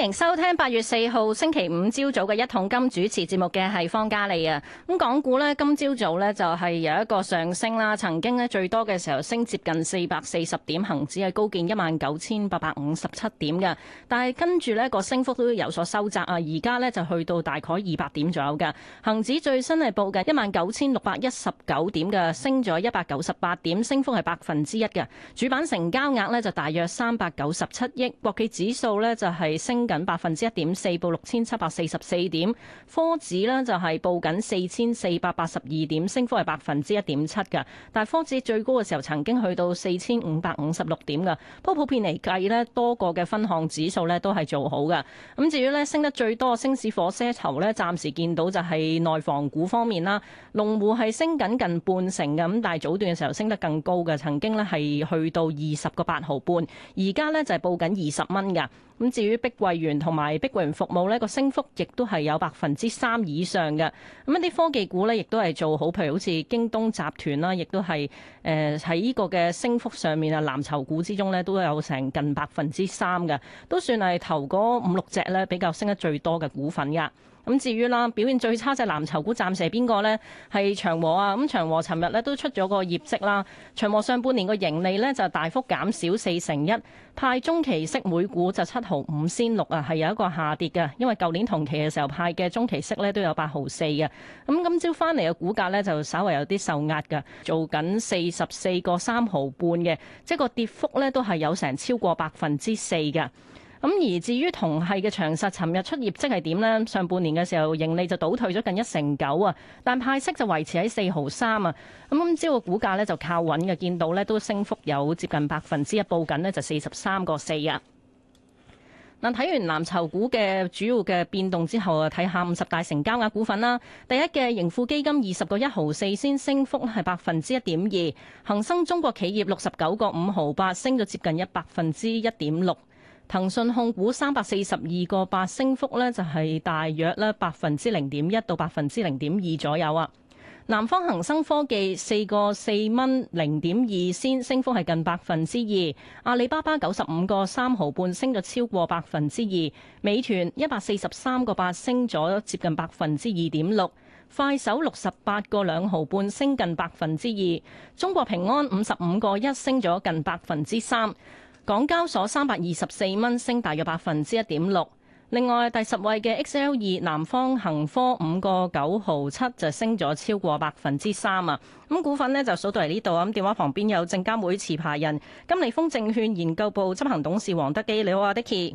歡迎收聽八月四號星期五朝早嘅一桶金主持節目嘅係方嘉莉啊！咁港股呢，今朝早呢就係有一個上升啦，曾經呢，最多嘅時候升接近四百四十點，恒指係高見一萬九千八百五十七點嘅，但係跟住呢個升幅都有所收窄啊！而家呢，就去到大概二百點左右嘅，恒指最新係報緊一萬九千六百一十九點嘅，升咗一百九十八點，升幅係百分之一嘅，主板成交額呢，就大約三百九十七億，國企指數呢，就係升。緊百分之一點四，報六千七百四十四點。科指呢就係、是、報緊四千四百八十二點，升幅係百分之一點七嘅。但係科指最高嘅時候曾經去到四千五百五十六點嘅，不過普遍嚟計呢，多個嘅分項指數呢都係做好嘅。咁至於呢，升得最多，升市火車頭呢，暫時見到就係內房股方面啦。龍湖係升緊近,近半成嘅，咁但係早段嘅時候升得更高嘅，曾經呢係去到二十個八毫半，而家呢就係報緊二十蚊嘅。咁至於碧桂園同埋碧桂園服務，呢個升幅亦都係有百分之三以上嘅。咁一啲科技股呢，亦都係做好，譬如好似京東集團啦，亦都係誒喺呢個嘅升幅上面啊，藍籌股之中呢，都有成近百分之三嘅，都算係頭嗰五六隻呢比較升得最多嘅股份噶。咁至於啦，表現最差隻藍籌股，暫時係邊個呢？係長和啊！咁長和尋日呢都出咗個業績啦。長和上半年個盈利呢，就大幅減少四成一，派中期息每股就七毫五仙六啊，係有一個下跌嘅。因為舊年同期嘅時候派嘅中期息呢，都有八毫四嘅。咁今朝翻嚟嘅股價呢，就稍為有啲受壓嘅，做緊四十四個三毫半嘅，即係個跌幅呢，都係有成超過百分之四嘅。咁而至於同系嘅長實，尋日出業績係點呢？上半年嘅時候盈利就倒退咗近一成九啊，但派息就維持喺四毫三啊。咁今朝個股價呢，就靠穩嘅，見到呢，都升幅有接近百分之一，報緊呢就四十三個四啊。嗱，睇完藍籌股嘅主要嘅變動之後，睇下五十大成交額股份啦。第一嘅盈富基金二十個一毫四先升幅係百分之一點二，恒生中國企業六十九個五毫八升咗接近一百分之一點六，騰訊控股三百四十二個八升幅咧，就係大約咧百分之零點一到百分之零點二左右啊。南方恒生科技四個四蚊零點二仙，升幅係近百分之二。阿里巴巴九十五個三毫半，升咗超過百分之二。美團一百四十三個八，升咗接近百分之二點六。快手六十八個兩毫半，升近百分之二。中國平安五十五個一，升咗近百分之三。港交所三百二十四蚊升，大約百分之一點六。另外第十位嘅 XL 二南方恒科五個九毫七，就升咗超過百分之三啊！咁股份呢就數到嚟呢度啊！咁電話旁邊有證監會持牌人金利豐證券研究部執行董事黃德幾，你好啊 Dickie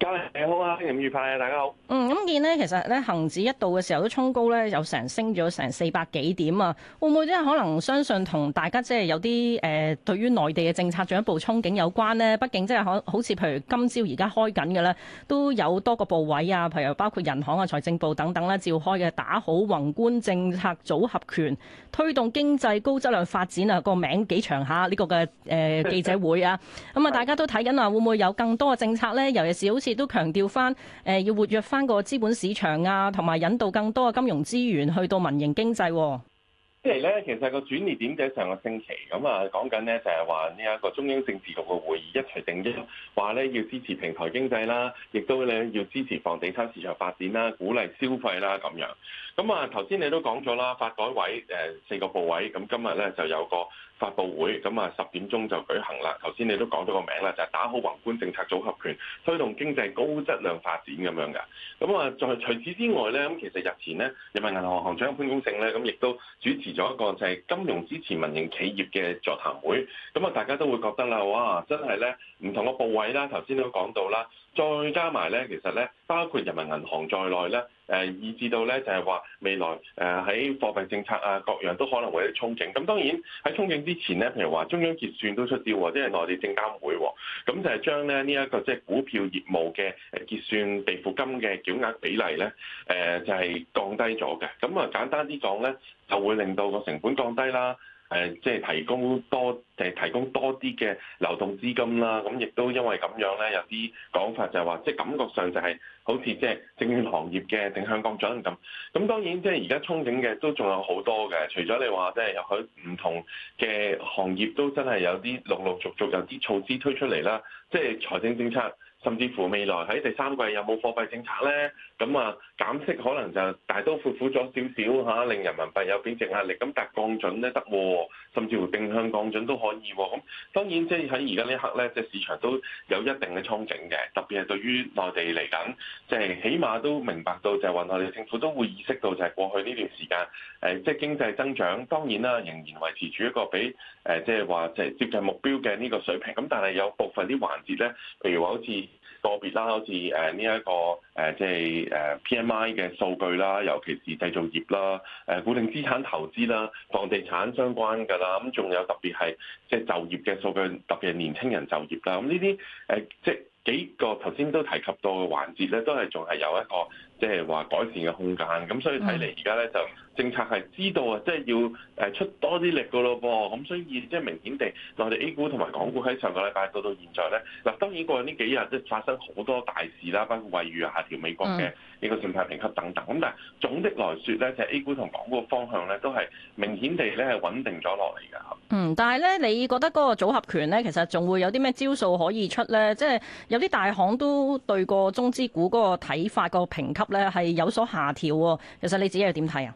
嘉玲，你好啊！星期五愉快啊！大家好。嗯，咁見呢，其實咧，恆指一度嘅時候都衝高咧，有成升咗成四百幾點啊！會唔會即係可能相信同大家即係有啲誒、呃，對於內地嘅政策進一步憧憬有關呢？畢竟即係可好似譬如今朝而家開緊嘅咧，都有多個部委啊，譬如包括人行啊、財政部等等咧、啊，召開嘅打好宏觀政策組合拳，推動經濟高質量發展啊個名幾長下、啊、呢、呢個嘅誒、呃、記者會啊！咁啊、 嗯，大家都睇緊啊，會唔會有更多嘅政策咧？尤其是好似亦都強調翻誒要活躍翻個資本市場啊，同埋引導更多嘅金融資源去到民營經濟。即係咧，其實個轉捩點喺上個星期咁啊，講緊呢，就係話呢一個中央政治局嘅會議一齊定音，話咧要支持平台經濟啦，亦都咧要支持房地產市場發展啦，鼓勵消費啦咁樣。咁啊，頭先你都講咗啦，發改委誒四個部委咁，今日咧就有個。發布會咁啊，十點鐘就舉行啦。頭先你都講咗個名啦，就係打好宏觀政策組合拳，推動經濟高質量發展咁樣嘅。咁啊，再除此之外呢，咁其實日前呢，人民銀行行長潘功勝呢，咁亦都主持咗一個就係金融支持民營企業嘅座談會。咁啊，大家都會覺得啦，哇，真係呢唔同嘅部位啦。頭先都講到啦，再加埋呢，其實呢包括人民銀行在內呢。誒以至到咧，就係話未來誒喺貨幣政策啊，各樣都可能會有啲憧憬。咁當然喺憧憬之前咧，譬如話中央結算都出招，即係內地證監會，咁就係將咧呢一個即係股票業務嘅誒結算備付金嘅繳額比例咧，誒就係、是、降低咗嘅。咁啊簡單啲講咧，就會令到個成本降低啦。誒，即係提供多誒，提供多啲嘅流動資金啦。咁亦都因為咁樣咧，有啲講法就係話，即係感覺上就係好似即係證券行業嘅定向降準咁。咁當然即係而家憧憬嘅都仲有好多嘅，除咗你話即係入去唔同嘅行業都真係有啲陸陸續續有啲措施推出嚟啦，即係財政政策。甚至乎未來喺第三季有冇貨幣政策咧？咁啊減息可能就大多闊闊咗少少嚇，令人民幣有貶值壓力。咁但降準咧得，甚至乎定向降準都可以。咁當然即係喺而家呢一刻咧，即係市場都有一定嘅憧憬嘅，特別係對於內地嚟講，即係起碼都明白到就係話，內地政府都會意識到就係過去呢段時間誒，即係經濟增長當然啦，仍然維持住一個比誒即係話即係接近目標嘅呢個水平。咁但係有部分啲環節咧，譬如話好似。個別啦，好似誒呢一個誒，即係誒 P M I 嘅數據啦，尤其是製造業啦，誒固定資產投資啦，房地產相關㗎啦，咁仲有特別係即係就業嘅數據，特別係年輕人就業啦，咁呢啲誒即係幾個頭先都提及到嘅環節咧，都係仲係有一個。即係話改善嘅空間，咁所以睇嚟而家咧就政策係知道啊，即係要誒出多啲力個咯噃，咁所以即係明顯地內地 A 股同埋港股喺上個禮拜到到現在咧，嗱當然過去呢幾日即係發生好多大事啦，包括匯率下調、美國嘅呢個信貸評級等等。咁但係總的來說咧，就係 A 股同港股嘅方向咧都係明顯地咧係穩定咗落嚟嘅。嗯，但係咧你覺得嗰個組合拳咧其實仲會有啲咩招數可以出咧？即係有啲大行都對過中資股嗰個睇法、個評級。咧係有所下調喎，其實你自己又點睇啊？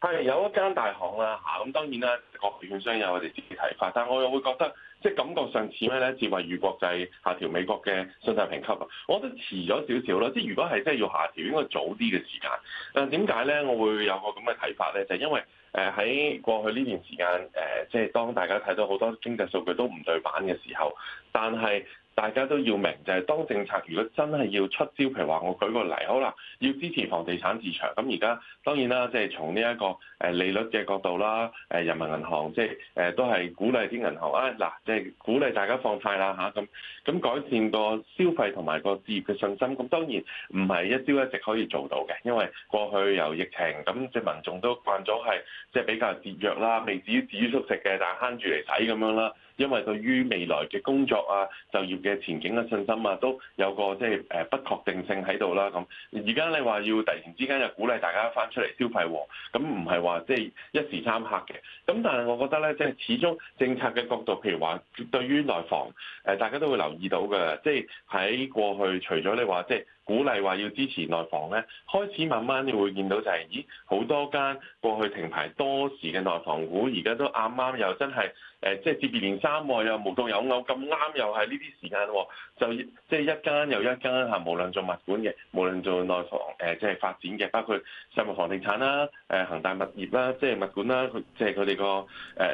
係有一間大行啦嚇，咁當然啦，各券商有佢哋自己睇法，但我又會覺得即係感覺上似咩咧？即惠譽國際下調美國嘅信貸評級，我覺得遲咗少少囉。即係如果係真係要下調，應該早啲嘅時間。但點解咧？我會有個咁嘅睇法咧，就係因為誒喺過去呢段時間誒，即係當大家睇到好多經濟數據都唔對版嘅時候，但係。大家都要明，就係、是、當政策如果真係要出招，譬如話我舉個例，好啦，要支持房地產市場。咁而家當然啦，即係從呢一個誒利率嘅角度啦，誒人民銀行即係誒都係鼓勵啲銀行啊嗱，即係鼓勵大家放貸啦吓。咁、啊、咁、嗯嗯、改善個消費同埋個置業嘅信心。咁當然唔係一朝一夕可以做到嘅，因為過去由疫情，咁即係民眾都慣咗係即係比較節約啦，未至於至於縮食嘅，但係慳住嚟使咁樣啦。因為對於未來嘅工作啊、就業嘅前景嘅信心啊，都有個即係誒不確定性喺度啦。咁而家你話要突然之間又鼓勵大家翻出嚟消費，咁唔係話即係一時三刻嘅。咁但係我覺得咧，即係始終政策嘅角度，譬如話對於內房，誒大家都會留意到嘅。即係喺過去，除咗你話即係。鼓勵話要支持內房咧，開始慢慢你會見到就係、是，咦好多間過去停牌多時嘅內房股，而家都啱啱又真係誒，即、呃、係接二連三喎，又無獨有偶咁啱又係呢啲時間，呃、就即、是、係一間又一間嚇，無論做物管嘅，無論做內房誒即係發展嘅，包括世茂房地產啦、誒、呃、恒大物業啦、即、就、係、是、物管啦，即係佢哋個誒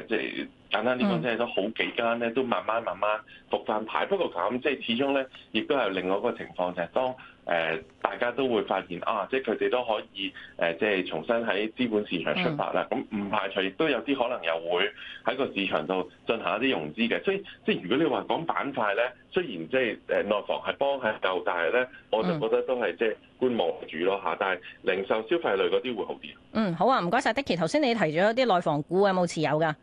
即係。呃就是簡單啲講，即係都好幾間咧，都慢慢慢慢復翻牌。不過咁，即係始終咧，亦都係另外一個情況就係當誒大家都會發現啊，即係佢哋都可以誒，即係重新喺資本市場出發啦。咁唔排除亦都有啲可能又會喺個市場度進行一啲融資嘅。所以即係如果你話講板塊咧，雖然即係誒內房係幫係夠，但係咧我就覺得都係即係觀望住咯嚇。但係零售消費類嗰啲會好啲。嗯，好啊，唔該晒。Dickie 頭先你提咗一啲內房股有冇持有㗎？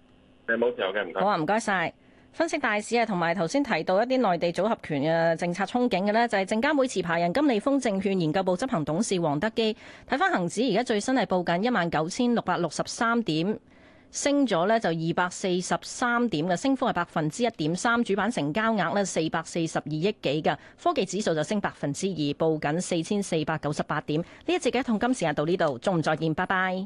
冇、OK, 好啊，唔該晒。分析大市啊，同埋頭先提到一啲內地組合拳嘅政策憧憬嘅呢，就係證監會持牌人金利豐證券研究部執行董事黃德幾睇翻恒指而家最新係報緊一萬九千六百六十三點，升咗呢就二百四十三點嘅升幅係百分之一點三，主板成交額呢四百四十二億幾嘅。科技指數就升百分之二，報緊四千四百九十八點。呢一節嘅《同金時》啊，到呢度，中午再見，拜拜。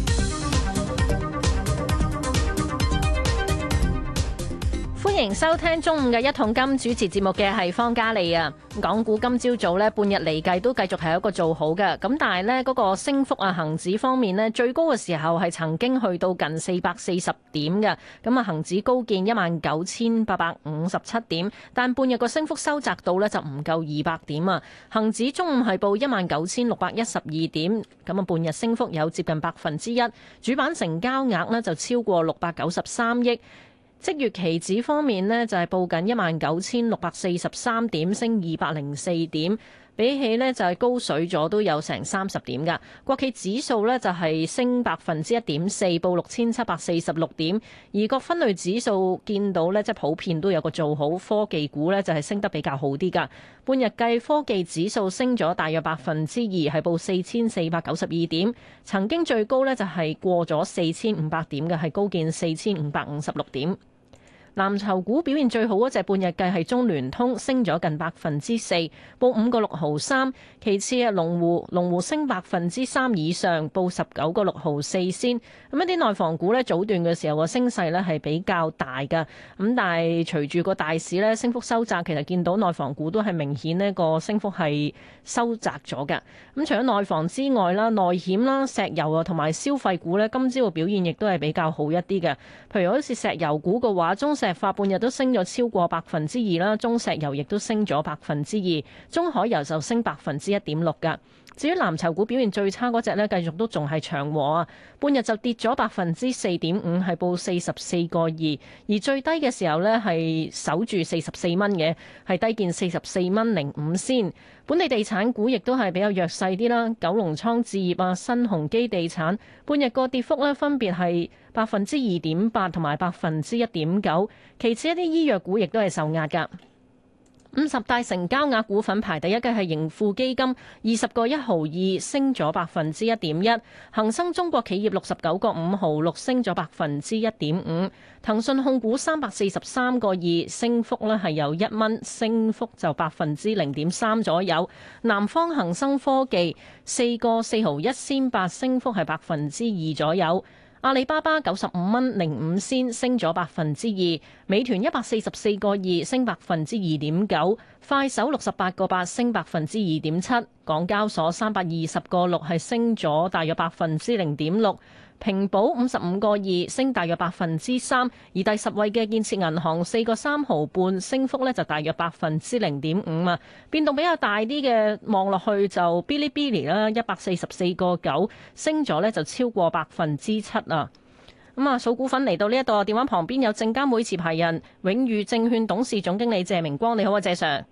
歡迎收聽中午嘅一桶金主持節目嘅係方嘉利啊！港股今朝早,早呢半日嚟計都繼續係一個做好嘅，咁但係呢嗰、嗰個升幅啊，恒指方面呢最高嘅時候係曾經去到近四百四十點嘅，咁啊恒指高見一萬九千八百五十七點，但半日個升幅收窄到呢就唔夠二百點啊！恒指中午係報一萬九千六百一十二點，咁啊半日升幅有接近百分之一，主板成交額呢就超過六百九十三億。即月期指方面呢，就係、是、報緊一萬九千六百四十三點，升二百零四點，比起呢，就係、是、高水咗都有成三十點噶。國企指數呢，就係、是、升百分之一點四，報六千七百四十六點，而各分類指數見到呢，即係普遍都有個做好，科技股呢，就係、是、升得比較好啲噶。半日計科技指數升咗大約百分之二，係報四千四百九十二點，曾經最高呢，就係、是、過咗四千五百點嘅，係高見四千五百五十六點。藍籌股表現最好嗰隻，半日計係中聯通升咗近百分之四，報五個六毫三。其次係龍湖，龍湖升百分之三以上報，報十九個六毫四先。咁一啲內房股呢，早段嘅時候啊，升勢呢係比較大嘅。咁但係隨住個大市呢，升幅收窄，其實見到內房股都係明顯呢個升幅係收窄咗嘅。咁除咗內房之外啦，內險啦、石油啊同埋消費股呢，今朝嘅表現亦都係比較好一啲嘅。譬如好似石油股嘅話，中石化半日都升咗超過百分之二啦，中石油亦都升咗百分之二，中海油就升百分之一點六㗎。至於藍籌股表現最差嗰隻呢，繼續都仲係長和啊，半日就跌咗百分之四點五，係報四十四個二，而最低嘅時候呢，係守住四十四蚊嘅，係低見四十四蚊零五先。本地地產股亦都係比較弱勢啲啦，九龍倉置業啊、新鴻基地產，半日個跌幅呢，分別係百分之二點八同埋百分之一點九，其次一啲醫藥股亦都係受壓噶。五十大成交額股份排第一嘅，係盈富基金二十個一毫二，升咗百分之一點一；恒生中國企業六十九個五毫六，升咗百分之一點五；騰訊控股三百四十三個二，升幅咧，係有一蚊升幅，就百分之零點三左右。南方恒生科技四個四毫一仙八，升幅係百分之二左右。阿里巴巴九十五蚊零五仙，升咗百分之二；美團一百四十四個二，升百分之二點九；快手六十八個八，升百分之二點七；港交所三百二十個六，係升咗大約百分之零點六。平保五十五個二，升大約百分之三，而第十位嘅建設銀行四個三毫半，升幅呢，就大約百分之零點五啊。變動比較大啲嘅望落去就 Bilibili 啦，一百四十四個九，升咗呢，就超過百分之七啊。咁啊，數股份嚟到呢一度，電話旁邊有證監會持牌人永裕證券董事總經理謝明光，你好啊，謝 Sir。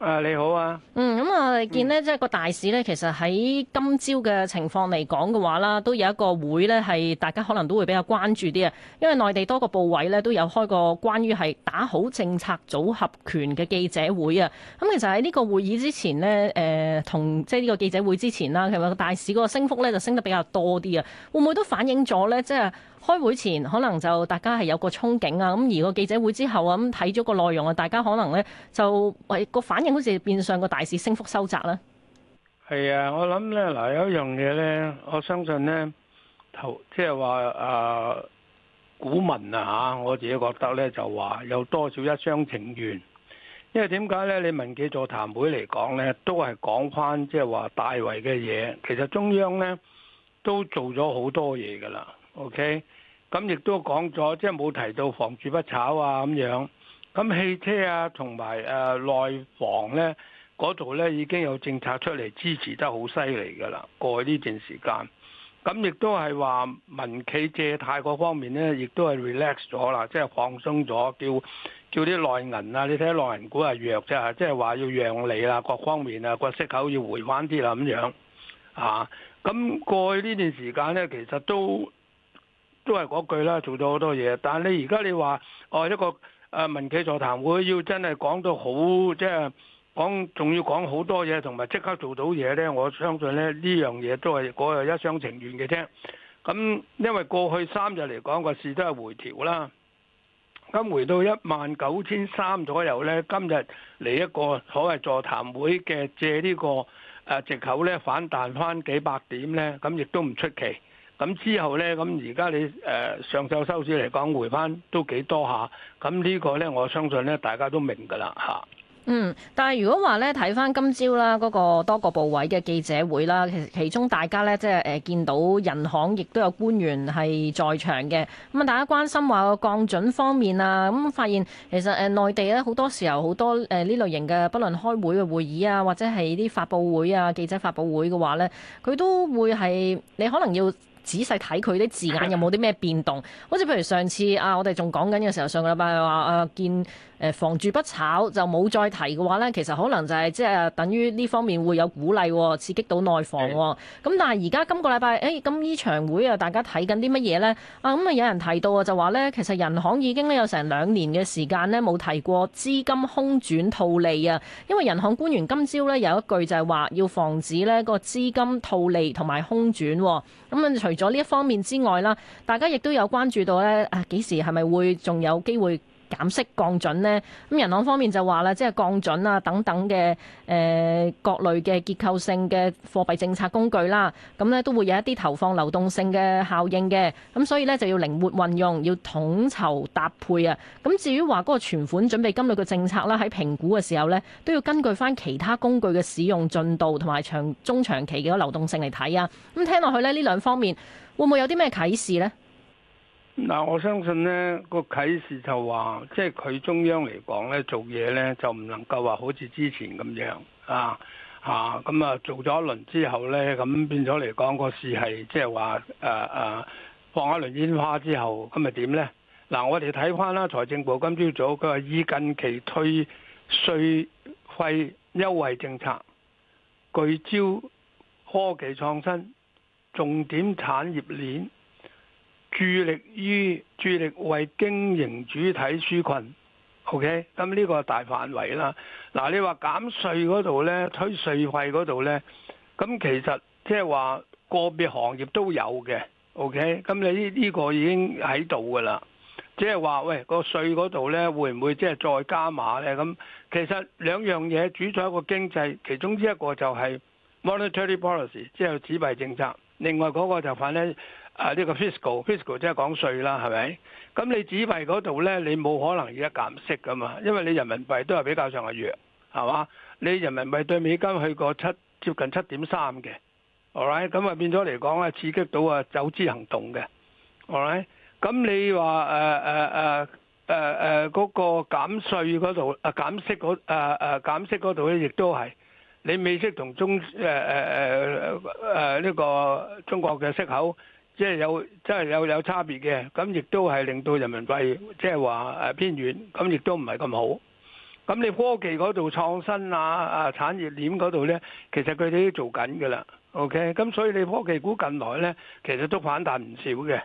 誒，你好啊！嗯，咁、嗯、啊，我、嗯、哋見呢，即係個大市呢，其實喺今朝嘅情況嚟講嘅話啦，都有一個會呢，係大家可能都會比較關注啲啊。因為內地多個部委呢，都有開過關於係打好政策組合拳嘅記者會啊。咁、嗯、其實喺呢個會議之前呢，誒、呃，同即係呢個記者會之前啦，其實個大市嗰個升幅呢，就升得比較多啲啊。會唔會都反映咗呢？即係。開會前可能就大家係有個憧憬啊，咁而個記者會之後啊，咁睇咗個內容啊，大家可能咧就為個反應好似變相個大市升幅收窄啦。係啊，我諗咧嗱，有一樣嘢咧，我相信咧，投即係話啊，呃、股民啊嚇，我自己覺得咧就話有多少一廂情願，因為點解咧？你民企座談會嚟講咧，都係講翻即係話大圍嘅嘢，其實中央咧都做咗好多嘢㗎喇。O K，咁亦都講咗，即係冇提到房住不炒啊咁樣。咁汽車啊，同埋誒內房咧嗰度咧已經有政策出嚟支持得好犀利㗎啦。過去呢段時間，咁亦都係話民企借貸嗰方面咧，亦都係 relax 咗啦，即係放鬆咗，叫叫啲內銀啊，你睇內銀股係弱啫，即係話要讓利啦，各方面啊，個息口要回翻啲啦咁樣。啊，咁過去呢段時間咧，其實都。都係嗰句啦，做咗好多嘢，但係你而家你話哦一個誒民企座談會要真係講到好，即係講仲要講好多嘢，同埋即刻做到嘢呢。我相信咧呢樣嘢都係嗰個一廂情願嘅啫。咁因為過去三日嚟講個市都係回調啦，咁回到一萬九千三左右呢，今日嚟一個所謂座談會嘅借呢個誒藉口呢，反彈返幾百點呢，咁亦都唔出奇。咁之後呢，咁而家你誒上週收市嚟講回翻都幾多下，咁呢個呢，我相信呢大家都明㗎啦嚇。嗯，但係如果話呢，睇翻今朝啦，嗰個多個部委嘅記者會啦，其實其中大家呢，即係誒見到人行亦都有官員係在場嘅。咁啊，大家關心話個降準方面啊，咁發現其實誒內地呢，好多時候好多誒呢類型嘅，不論開會嘅會議啊，或者係啲發佈會啊、記者發佈會嘅話呢，佢都會係你可能要。仔細睇佢啲字眼有冇啲咩變動？好似譬如上次啊，我哋仲講緊嘅時候，上個禮拜話誒見。誒防住不炒就冇再提嘅話呢。其實可能就係即係等於呢方面會有鼓勵刺激到內房。咁的但係而家今個禮拜，誒咁呢場會啊，大家睇緊啲乜嘢呢？啊咁啊、嗯，有人提到啊，就話呢，其實人行已經咧有成兩年嘅時間呢，冇提過資金空轉套利啊。因為人行官員今朝呢，有一句就係話要防止呢個資金套利同埋空轉。咁、嗯、啊，除咗呢一方面之外啦，大家亦都有關注到呢，啊幾時係咪會仲有機會？減息降準呢，咁人行方面就話啦，即係降準啊等等嘅誒、呃、各類嘅結構性嘅貨幣政策工具啦，咁呢都會有一啲投放流動性嘅效應嘅，咁所以呢就要靈活運用，要統籌搭配啊。咁至於話嗰個存款準備金率嘅政策啦，喺評估嘅時候呢都要根據翻其他工具嘅使用進度同埋長中長期嘅流動性嚟睇啊。咁聽落去呢，呢兩方面會唔會有啲咩啟示呢？嗱，我相信呢個啟示就話，即係佢中央嚟講呢做嘢呢就唔能夠話好似之前咁樣啊啊！咁啊做咗一輪之後呢，咁變咗嚟講個事係即係話誒誒放一輪煙花之後，咁咪點呢？嗱，我哋睇翻啦，財政部今朝早佢話以近期退稅費優惠政策，聚焦科技創新重點產業鏈。助力於助力為經營主體紓困 OK 咁呢個大範圍啦。嗱，你話減稅嗰度呢，推稅費嗰度呢，咁其實即係話個別行業都有嘅，OK，咁你呢個已經喺度噶啦。即係話喂，「個稅嗰度呢，會唔會即係再加碼呢？」咁其實兩樣嘢主宰一個經濟，其中之一個就係 monetary policy，即係紙幣政策，另外嗰個就反一。啊！呢個 fiscal fiscal 即係講稅啦，係咪？咁你紙幣嗰度咧，你冇可能而家減息噶嘛？因為你人民幣都係比較上係弱，係嘛？你人民幣對美金去過七接近七點三嘅，all right？咁啊變咗嚟講啊，刺激到啊走資行動嘅，all right？咁你話誒誒誒誒誒嗰個減稅嗰度啊減息嗰誒誒減息度咧，亦都係你美息同中誒誒誒誒呢個中國嘅息口。即係有，即係有有差別嘅，咁亦都係令到人民幣即係話誒偏軟，咁亦都唔係咁好。咁你科技嗰度創新啊啊產業鏈嗰度呢，其實佢哋都做緊噶啦。OK，咁所以你科技股近來呢，其實都反彈唔少嘅。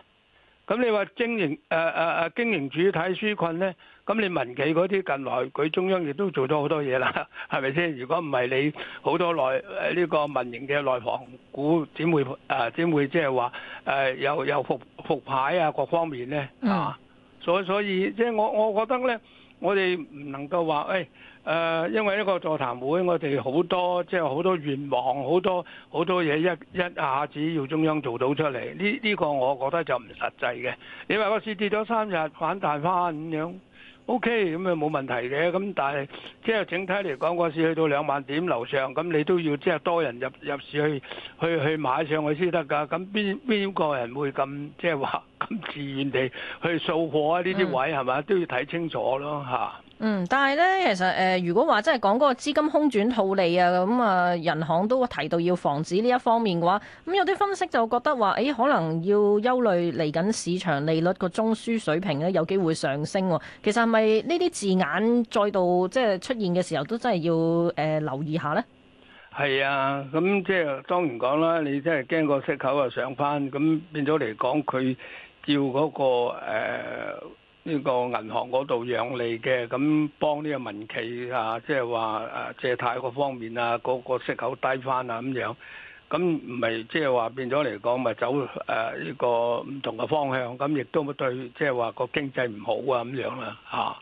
咁你話經營誒誒誒經營主體紓困呢？咁你民企嗰啲近來佢中央亦都做咗好多嘢啦，係咪先？如果唔係，你好多內誒呢個民營嘅內房股點會誒點、呃、會即係話誒有有復復牌啊各方面咧啊？所所以即係、就是、我我覺得咧，我哋唔能夠話誒誒，因為呢個座談會我哋好多即係好多願望，好多好多嘢一一,一,一下子要中央做到出嚟，呢呢、這個我覺得就唔實際嘅。你話個市跌咗三日反彈翻咁樣。O K，咁啊冇問題嘅，咁但係即係整體嚟講，個市去到兩萬點樓上，咁你都要即係、就是、多人入入市去去去買上去先得噶。咁邊邊個人會咁即係話咁自然地去掃貨啊？呢啲位係咪都要睇清楚咯吓。嗯，但係咧，其實誒、呃，如果話真係講嗰個資金空轉套利啊，咁、嗯、啊，人行都提到要防止呢一方面嘅話，咁、嗯、有啲分析就覺得話，誒、欸，可能要憂慮嚟緊市場利率個中樞水平咧，有機會上升，啊。其實係咪呢啲字眼再度即係出現嘅時候，都真係要誒、呃、留意下呢？係啊，咁即係當然講啦，你真係驚個息口就上翻，咁變咗嚟講，佢叫嗰個誒。呃呢個銀行嗰度讓利嘅，咁幫呢個民企啊，即係話誒借貸嗰方面啊，嗰、那個息口低返啊咁樣，咁唔係即係話變咗嚟講，咪、就是、走誒呢、啊、個唔同嘅方向，咁、啊、亦都對即係話個經濟唔好啊咁樣啦嚇。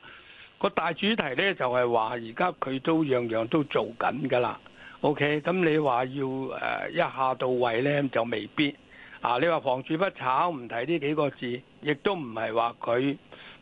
個大主題呢，就係、是、話，而家佢都樣樣都做緊㗎啦。OK，咁你話要誒一下到位呢，就未必。啊，你話房住不炒唔提呢幾個字，亦都唔係話佢。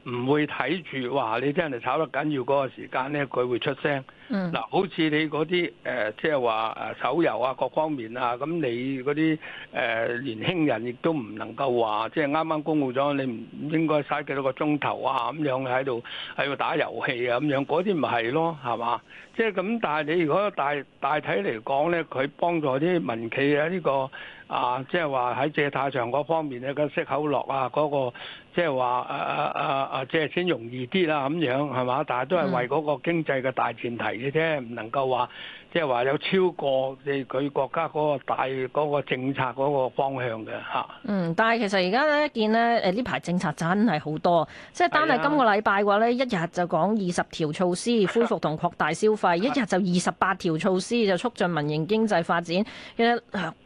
唔會睇住話你聽人哋炒得緊要嗰個時間咧，佢會出聲。嗱、嗯，好似你嗰啲誒，即係話誒手遊啊，各方面啊，咁你嗰啲誒年輕人亦都唔能夠話，即係啱啱公佈咗，你唔應該嘥幾多個鐘頭啊，咁樣喺度喺度打遊戲啊，咁樣嗰啲咪係咯，係嘛？即係咁，但係你如果大大體嚟講咧，佢幫助啲民企啊呢、呢個。啊，即係話喺借貸上嗰方面咧，個息口落啊，嗰個即係話啊啊啊啊借錢容易啲啦咁樣係嘛？但係都係為嗰個經濟嘅大前提嘅啫，唔能夠話。即係話有超過你佢國家嗰個大嗰個政策嗰個方向嘅嚇。嗯，但係其實而家咧見咧誒呢排政策真係好多，即係單係今個禮拜嘅話咧，一日就講二十條措施，恢復同擴大消費， 一日就二十八條措施就促進民營經濟發展。其實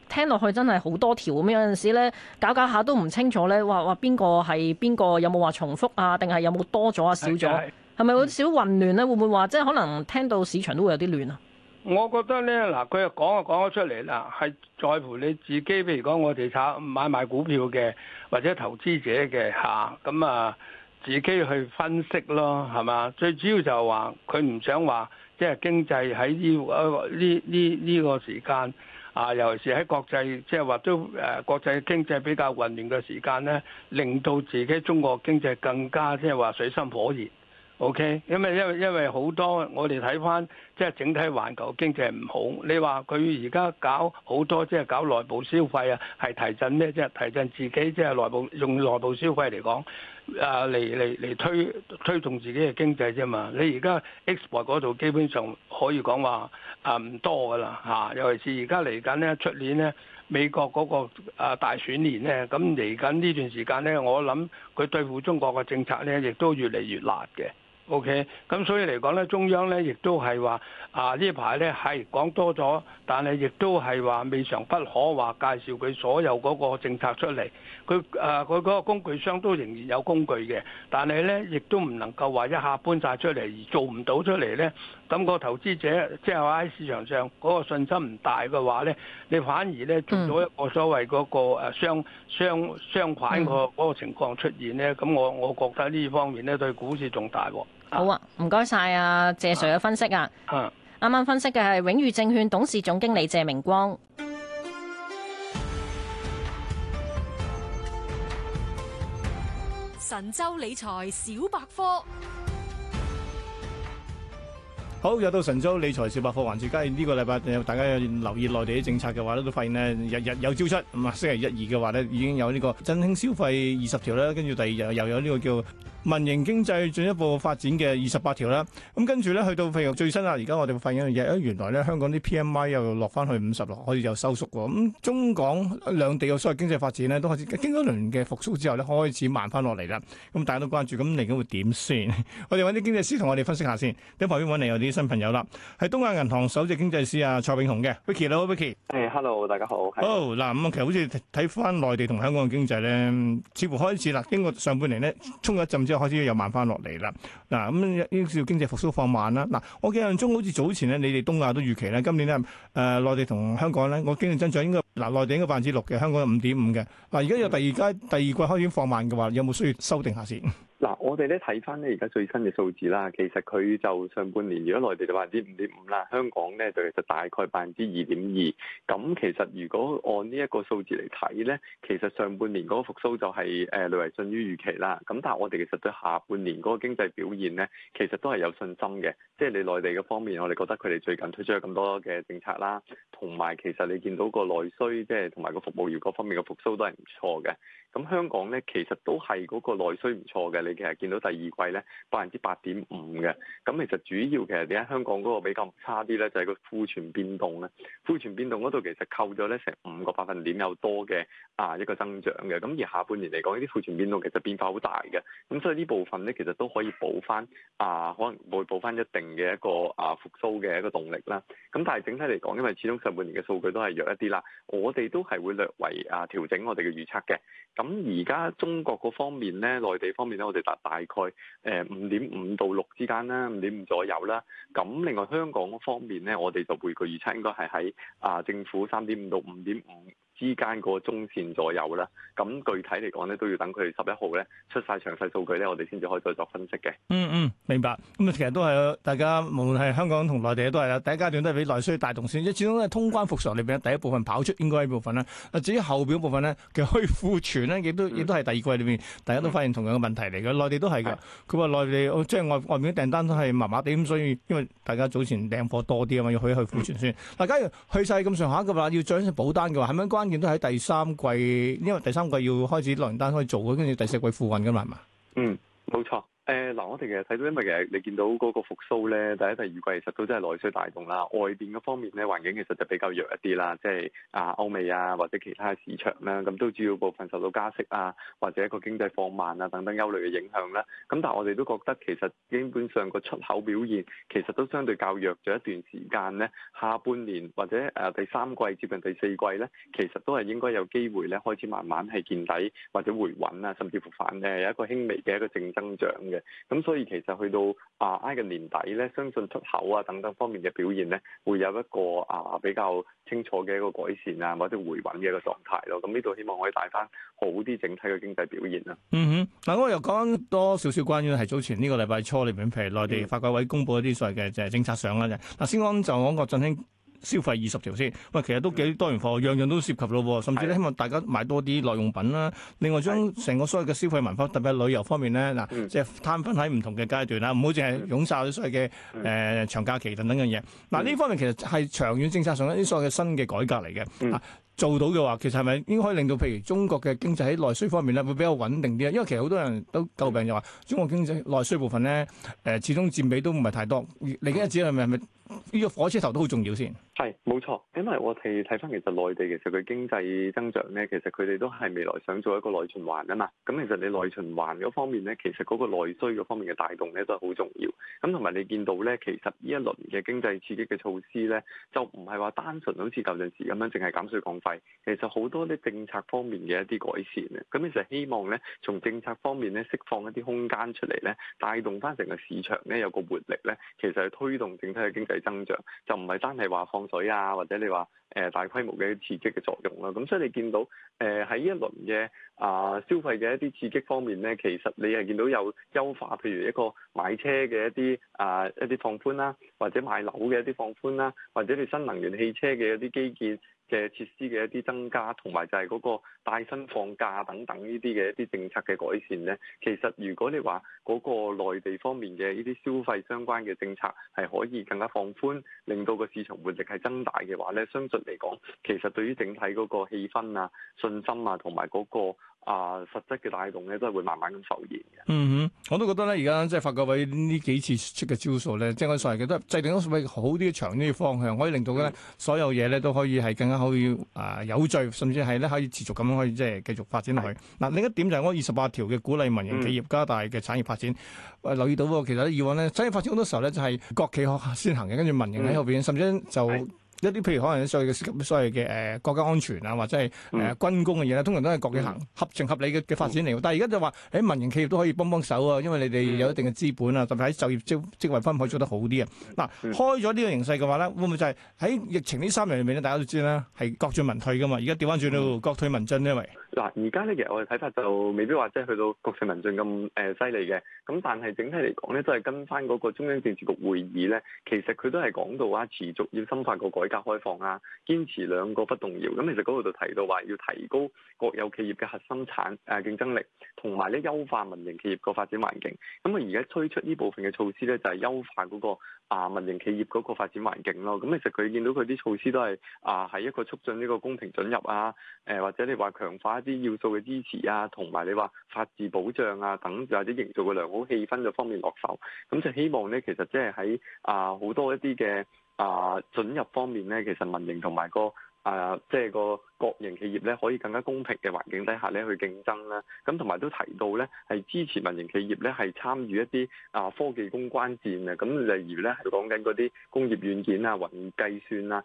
聽落去真係好多條咁樣，有陣時咧搞搞下都唔清楚咧，話話邊個係邊個，有冇話重複啊？定係有冇多咗啊？少咗係咪有少混亂咧？會唔會話即係可能聽到市場都會有啲亂啊？我覺得咧，嗱佢又講又講咗出嚟啦，係在乎你自己，譬如講我哋炒買賣股票嘅或者投資者嘅嚇，咁啊自己去分析咯，係嘛？最主要就係話佢唔想話即係經濟喺呢個呢呢呢個時間啊，尤其是喺國際即係話都誒國際經濟比較混亂嘅時間呢，令到自己中國經濟更加即係話水深火熱。O.K.，因為因為因為好多我哋睇翻即係整體環球經濟唔好，你話佢而家搞好多即係搞內部消費啊，係提振咩？即係提振自己即係內部用內部消費嚟講啊嚟嚟嚟推推動自己嘅經濟啫嘛。你而家 export 嗰度基本上可以講話啊唔多噶啦嚇，尤其是而家嚟緊呢出年呢，美國嗰個大選年咧，咁嚟緊呢段時間咧，我諗佢對付中國嘅政策咧亦都越嚟越辣嘅。O.K.，咁所以嚟講咧，中央咧亦都係話啊呢排咧係講多咗，但係亦都係話未嘗不可話介紹佢所有嗰個政策出嚟。佢啊，佢嗰個工具箱都仍然有工具嘅，但係咧亦都唔能夠話一下搬晒出嚟而做唔到出嚟咧。咁個投資者即係話喺市場上嗰個信心唔大嘅話咧，你反而咧做咗一個所謂嗰個誒雙雙雙板個個情況出現咧，咁我我覺得呢方面咧對股市仲大喎。好啊，唔該晒啊。謝瑞嘅分析啊。啱啱、啊、分析嘅係永裕證券董事總經理謝明光。神州理財小百科。好，又到神州理財小百科環節，今日呢個禮拜，大家有留意內地啲政策嘅話咧，都發現呢日日有招出。咁啊，星期一二嘅話咧，已經有呢個振興消費二十條啦，跟住第二日又有呢個叫。民營經濟進一步發展嘅二十八條啦，咁跟住咧去到譬如最新啊，而家我哋會發現一樣嘢，誒原來咧香港啲 PMI 又落翻去五十咯，開始又收縮喎。咁中港兩地嘅所謂經濟發展咧，都開始經過一輪嘅復甦之後咧，開始慢翻落嚟啦。咁大家都關注，咁嚟緊會點先？ 我哋揾啲經濟師同我哋分析下先。喺旁邊揾嚟有啲新朋友啦，係東亞銀行首席經濟師啊蔡永雄嘅。Vicky，你好，Vicky。Hello，大家好。Vicky、Hello，大家好嗱，咁、yes. oh, 其實好似睇翻內地同香港嘅經濟咧，似乎開始啦，經過上半年咧衝咗一陣開始又慢翻落嚟啦，嗱，咁應照經濟復甦放慢啦。嗱、啊，我記印象中好似早前咧，你哋東亞都預期咧，今年咧誒、呃、內地同香港咧，我經濟增長應該嗱、啊、內地應該百分之六嘅，香港係五點五嘅。嗱而家有第二階第二季開始放慢嘅話，有冇需要修訂下先？嗱，我哋咧睇翻咧而家最新嘅數字啦，其實佢就上半年如果內地就百分之五點五啦，香港咧就其實大概百分之二點二。咁其實如果按呢一個數字嚟睇咧，其實上半年嗰個復甦就係誒略為遜於預期啦。咁但係我哋其實對下半年嗰個經濟表現咧，其實都係有信心嘅。即係你內地嘅方面，我哋覺得佢哋最近推出咗咁多嘅政策啦，同埋其實你見到個內需即係同埋個服務業各方面嘅復甦都係唔錯嘅。咁香港咧其實都係嗰個內需唔錯嘅。你其實見到第二季咧百分之八點五嘅，咁其實主要其實點解香港嗰個比較差啲咧？就係個庫存變動咧，庫存變動嗰度其實扣咗咧成五個百分點有多嘅啊一個增長嘅，咁而下半年嚟講，呢啲庫存變動其實變化好大嘅，咁所以呢部分咧其實都可以補翻啊，可能會補翻一定嘅一個啊復甦嘅一個動力啦。咁但係整體嚟講，因為始終上半年嘅數據都係弱一啲啦，我哋都係會略為啊調整我哋嘅預測嘅。咁而家中國嗰方面咧，內地方面咧，大概誒五點五到六之間啦。五點五左右啦。咁另外香港方面咧，我哋就會據預測，應該係喺啊政府三點五到五點五，之間個中線左右啦，咁具體嚟講咧，都要等佢十一號咧出晒詳細數據咧，我哋先至可以再作分析嘅。嗯嗯，明白。咁啊，其實都係大家無論係香港同內地都係啦，第一階段都係俾內需帶動先，即始終係通關復常裏邊第一部分跑出應該一部分啦。至於後表部分咧，其實去庫存咧，亦都亦都係第二季裏面大家都發現同樣嘅問題嚟嘅，內地都係㗎。佢話的內地即係外外面啲訂單都係麻麻地咁，所以因為大家早前訂貨多啲啊嘛，要去去庫存先。大家假如去晒咁上下嘅話，要再補單嘅話，是是係咪關？都喺第三季，因為第三季要開始落單可以做，跟住第四季付運噶嘛，係嘛？嗯，冇錯。誒嗱、呃，我哋其實睇到，因為其實你見到嗰個復甦咧，第一、第二季其實都真係內需帶動啦，外邊嗰方面咧，環境其實就比較弱一啲啦，即係啊歐美啊或者其他市場咧、啊，咁都主要部分受到加息啊或者一個經濟放慢啊等等憂慮嘅影響咧。咁但係我哋都覺得其實基本上個出口表現其實都相對較弱咗一段時間咧，下半年或者誒第三季接近第四季咧，其實都係應該有機會咧開始慢慢係見底或者回穩啊，甚至乎反誒有一個輕微嘅一個正增長嘅。咁所以其實去到啊挨近年底咧，相信出口啊等等方面嘅表現咧，會有一個啊比較清楚嘅一個改善啊，或者回穩嘅一個狀態咯、啊。咁呢度希望可以帶翻好啲整體嘅經濟表現啊。嗯哼，嗱我又講多少少關於係早前呢個禮拜初裏面，譬如內地發改委公布一啲所謂嘅就係政策相啦。嗱，先講就講郭俊興。消費二十條先，喂，其實都幾多元貨，樣樣都涉及咯，甚至咧希望大家買多啲耐用品啦。另外將成個所謂嘅消費文化，特別旅遊方面咧，嗱，即係攤分喺唔同嘅階段啦，唔好淨係湧曬啲所謂嘅誒、呃、長假期等等嘅嘢。嗱、啊，呢方面其實係長遠政策上一啲所謂嘅新嘅改革嚟嘅，啊，做到嘅話，其實係咪應該可以令到譬如中國嘅經濟喺內需方面咧，會比較穩定啲？因為其實好多人都詬病就話，中國經濟內需部分咧，誒、呃，始終佔比都唔係太多。另一日指咪係咪呢個火車頭都好重要先？係冇錯，因為我哋睇翻，其實內地其實佢經濟增長咧，其實佢哋都係未來想做一個內循環啊嘛。咁其實你內循環嗰方面咧，其實嗰個內需嗰方面嘅帶動咧都係好重要。咁同埋你見到咧，其實呢一輪嘅經濟刺激嘅措施咧，就唔係話單純好似舊陣時咁樣淨係減稅降費，其實好多啲政策方面嘅一啲改善啊。咁其實希望咧，從政策方面咧釋放一啲空間出嚟咧，帶動翻成個市場咧有個活力咧，其實係推動整體嘅經濟增長，就唔係單係話放。水啊，或者你話誒大規模嘅刺激嘅作用啦，咁所以你見到誒喺、呃、一輪嘅啊、呃、消費嘅一啲刺激方面咧，其實你係見到有優化，譬如一個買車嘅一啲啊、呃、一啲放寬啦，或者買樓嘅一啲放寬啦，或者你新能源汽車嘅一啲基建嘅設施嘅一啲增加，同埋就係嗰個帶薪放假等等呢啲嘅一啲政策嘅改善咧，其實如果你話嗰個內地方面嘅呢啲消費相關嘅政策係可以更加放寬，令到個市場活力係增大嘅話呢，相信，嚟講，其實對於整體嗰個氣氛啊、信心啊，同埋嗰個啊、呃、實質嘅帶動咧，都係會慢慢咁浮現嘅。嗯哼、mm，hmm。我都覺得咧，而家即係發改委呢幾次出嘅招數咧，即係我所謂嘅都制定咗好啲、長啲嘅方向，可以令到咧所有嘢咧都可以係更加可以啊有序，甚至係咧可以持續咁樣可以即係繼續發展落去。嗱的另一點就係我二十八條嘅鼓勵民營企業加大嘅產業發展，的留意到啊，其實呢以往咧產業發展好多時候咧就係、是、國企先行嘅，跟住民營喺後邊，甚至就。的一啲譬如可能所謂嘅咁所謂嘅誒國家安全啊，或者係誒軍工嘅嘢咧，通常都係國企行合情合理嘅嘅發展嚟。但係而家就話喺民營企業都可以幫幫手啊，因為你哋有一定嘅資本啊，特別喺就業職職位分配做得好啲啊。嗱，開咗呢個形勢嘅話咧，會唔會就係喺疫情呢三年裏面咧，大家都知啦，係國進民退㗎嘛。而家調翻轉到國退民進因為，嗱，而家咧其實我哋睇法就未必話即係去到國退民進咁誒犀利嘅。咁但係整體嚟講咧，都係跟翻嗰個中央政治局會議咧，其實佢都係講到話持續要深化個改。改革開放啊，堅持兩個不動搖。咁其實嗰度就提到話要提高國有企業嘅核心產誒競爭力，同埋咧優化民營企業個發展環境。咁啊，而家推出呢部分嘅措施咧，就係優化嗰個啊民營企業嗰個發展環境咯。咁其實佢見到佢啲措施都係啊，係一個促進呢個公平準入啊，誒或者你話強化一啲要素嘅支持啊，同埋你話法治保障啊等，或者營造個良好氣氛嘅方面落手。咁就希望咧，其實即係喺啊好多一啲嘅。啊，准入方面咧，其實民營同埋個啊，即、呃、係、就是、個國營企業咧，可以更加公平嘅環境底下咧去競爭啦。咁同埋都提到咧，係支持民營企業咧係參與一啲啊科技攻關戰啊。咁例如咧係講緊嗰啲工業軟件啊、雲計算啊。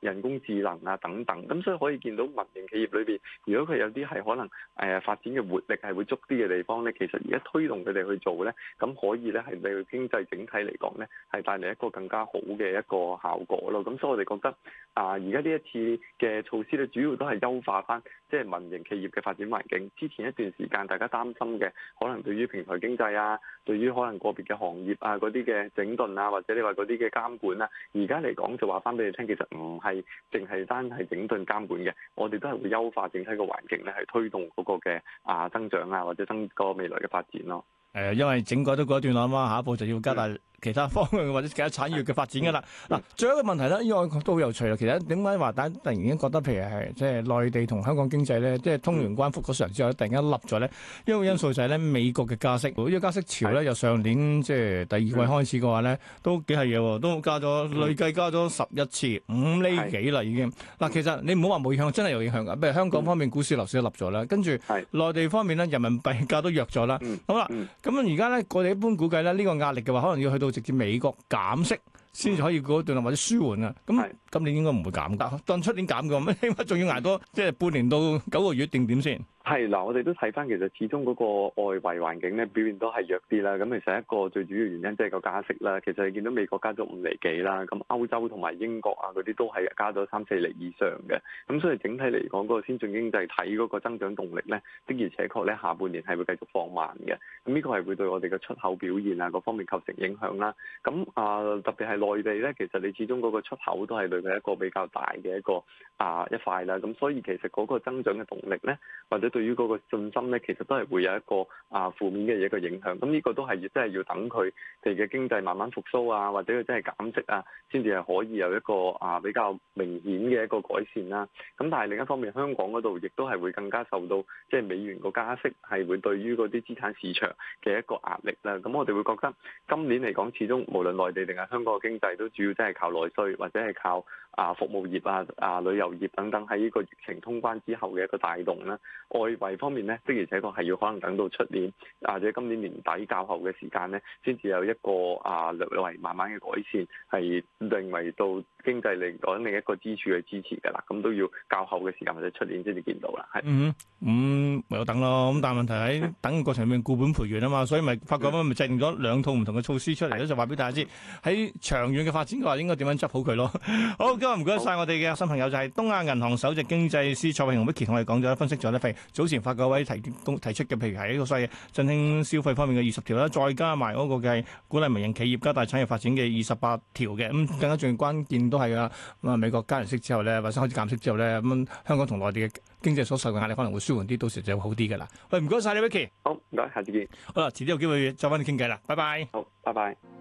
人工智能啊等等，咁所以可以見到民營企業裏邊，如果佢有啲係可能誒發展嘅活力係會足啲嘅地方咧，其實而家推動佢哋去做咧，咁可以咧係對經濟整體嚟講咧，係帶嚟一個更加好嘅一個效果咯。咁所以我哋覺得啊，而家呢一次嘅措施咧，主要都係優化翻。即係民營企業嘅發展環境，之前一段時間大家擔心嘅，可能對於平台經濟啊，對於可能個別嘅行業啊嗰啲嘅整頓啊，或者你話嗰啲嘅監管啦、啊，而家嚟講就話翻俾你聽，其實唔係淨係單係整頓監管嘅，我哋都係會優化整體嘅環境咧，係推動嗰個嘅啊增長啊，或者增個未來嘅發展咯、啊。誒，因為整改都過一段落啊嘛，下一步就要加大。嗯其他方向或者其他產業嘅發展嘅啦，嗱、嗯，最後一個問題咧，依個都好有趣啦。其實點解話大家突然間覺得，譬如係即係內地同香港經濟咧，即係通關復常之後，突然間冧咗咧，一個因素就係咧美國嘅加息。如果加息潮咧由上年即係第二季開始嘅話咧，都幾係嘅，都加咗累計加咗十一次，五釐幾啦已經。嗱是，其實你唔好話冇影響，真係有影響嘅。譬如香港方面股市樓市都冧咗啦，跟住內地方面咧人民幣價都弱咗啦。好啦，咁而家咧我哋一般估計咧呢個壓力嘅話，可能要去到。直至美國減息。先至可以嗰段或者舒緩啊。咁今年應該唔會減㗎，當出年減㗎？咩？起碼仲要挨多即係半年到九個月定點先。係嗱，我哋都睇翻，其實始終嗰個外圍環境咧，表現都係弱啲啦。咁其實一個最主要原因即係個加息啦。其實你見到美國加咗五厘幾啦，咁歐洲同埋英國啊嗰啲都係加咗三四厘以上嘅。咁所以整體嚟講，嗰個先進經濟體嗰個增長動力咧，的而且確咧，下半年係會繼續放慢嘅。咁呢個係會對我哋嘅出口表現啊，各方面構成影響啦。咁啊、呃，特別係。內地咧，其實你始終嗰個出口都係對佢一個比較大嘅一個啊一塊啦，咁所以其實嗰個增長嘅動力咧，或者對於嗰個信心咧，其實都係會有一個啊負面嘅嘢嘅影響。咁呢個都係真係要等佢哋嘅經濟慢慢復甦啊，或者佢真係減息啊，先至係可以有一個啊比較明顯嘅一個改善啦、啊。咁但係另一方面，香港嗰度亦都係會更加受到即係、就是、美元個加息係會對於嗰啲資產市場嘅一個壓力啦、啊。咁我哋會覺得今年嚟講，始終無論內地定係香港嘅經經濟都主要即係靠內需，或者係靠啊服務業啊啊旅遊業等等，喺呢個疫情通關之後嘅一個帶動啦。外圍方面咧，的而且確係要可能等到出年，或者今年年底較後嘅時間咧，先至有一個啊略為慢慢嘅改善，係令係到經濟嚟講另一個支柱嘅支持噶啦。咁都要較後嘅時間或者出年先至見到啦。係，嗯，咁唯有等咯。咁但係問題喺等嘅過程入面，固本培元啊嘛，所以咪發覺咁咪制定咗兩套唔同嘅措施出嚟咧，就話俾大家知喺長。長遠嘅發展嘅話，應該點樣執好佢咯？好，今日唔該晒我哋嘅新朋友，就係東亞銀行首席經濟師蔡永雄 Vicky 同我哋講咗分析咗呢，早前發改委提提出嘅，譬如係呢個細振興消費方面嘅二十條啦，再加埋嗰個嘅係鼓勵民營企業加大產業發展嘅二十八條嘅。咁、嗯、更加重要關鍵都係啊，咁、嗯、啊美國加人息之後咧，或者開始減息之後咧，咁、嗯、香港同內地嘅經濟所受嘅壓力可能會舒緩啲，到時就會好啲噶啦。喂，唔該晒你 Vicky，好唔該，下次見。好啦，遲啲有機會再翻嚟傾偈啦，拜拜。好，拜拜。